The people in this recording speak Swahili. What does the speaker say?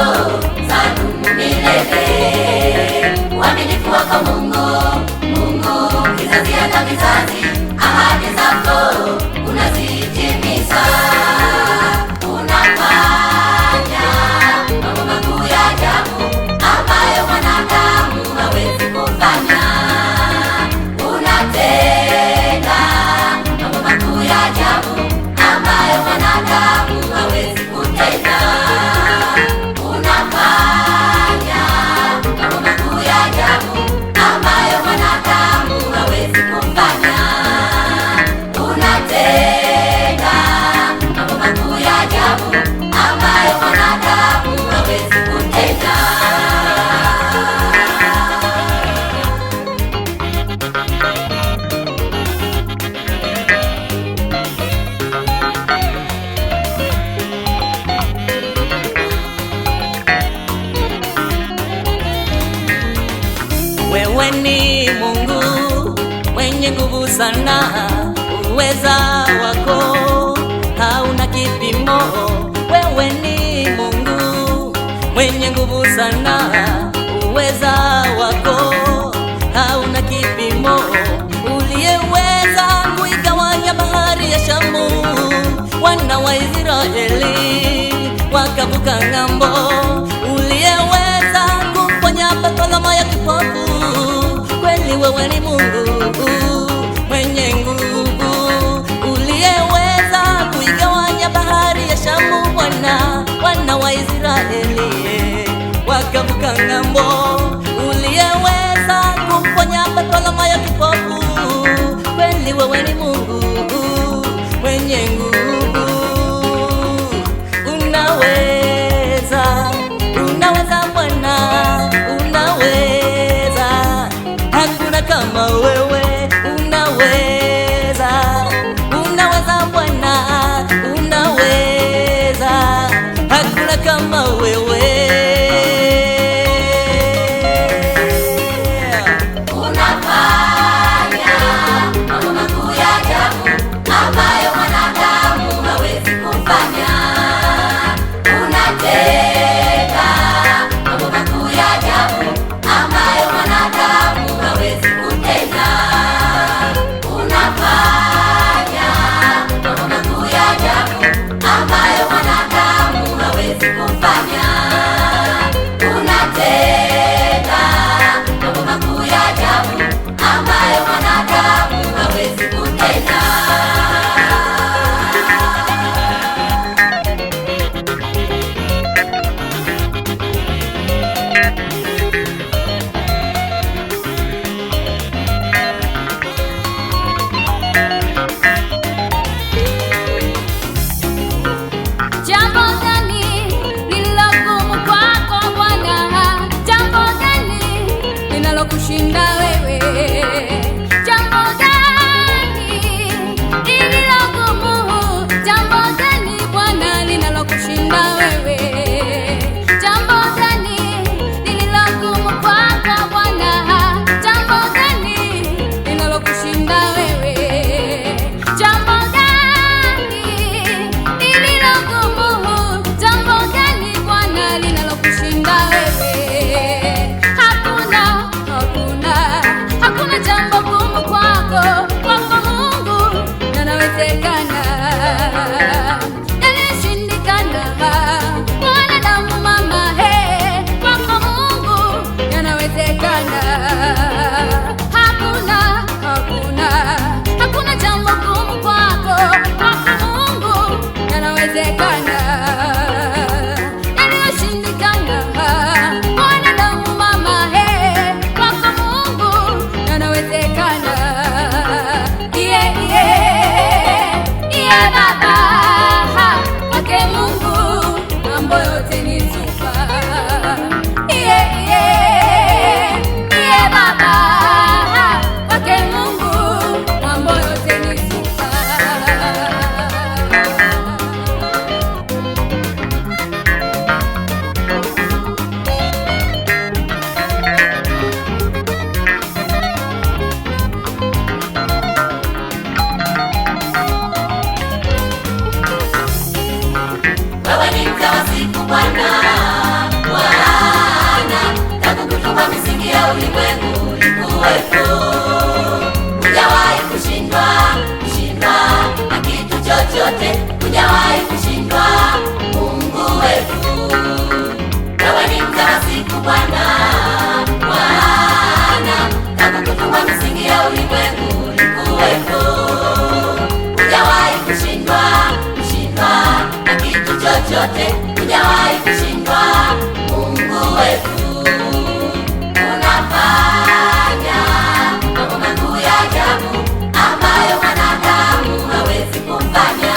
Oh. sana uweza wako hauna kipimo, wewe ni Mungu mwenye nguvu sana uweza wako hauna kipimo, uliyeweza kuigawanya bahari ya Shamu, wana wa Israeli wakavuka ng'ambo Cam Canambó chochote hujawahi kushindwa. Mungu wetu unafanya mambo makuu ya ajabu ambayo mwanadamu hawezi kumfanya.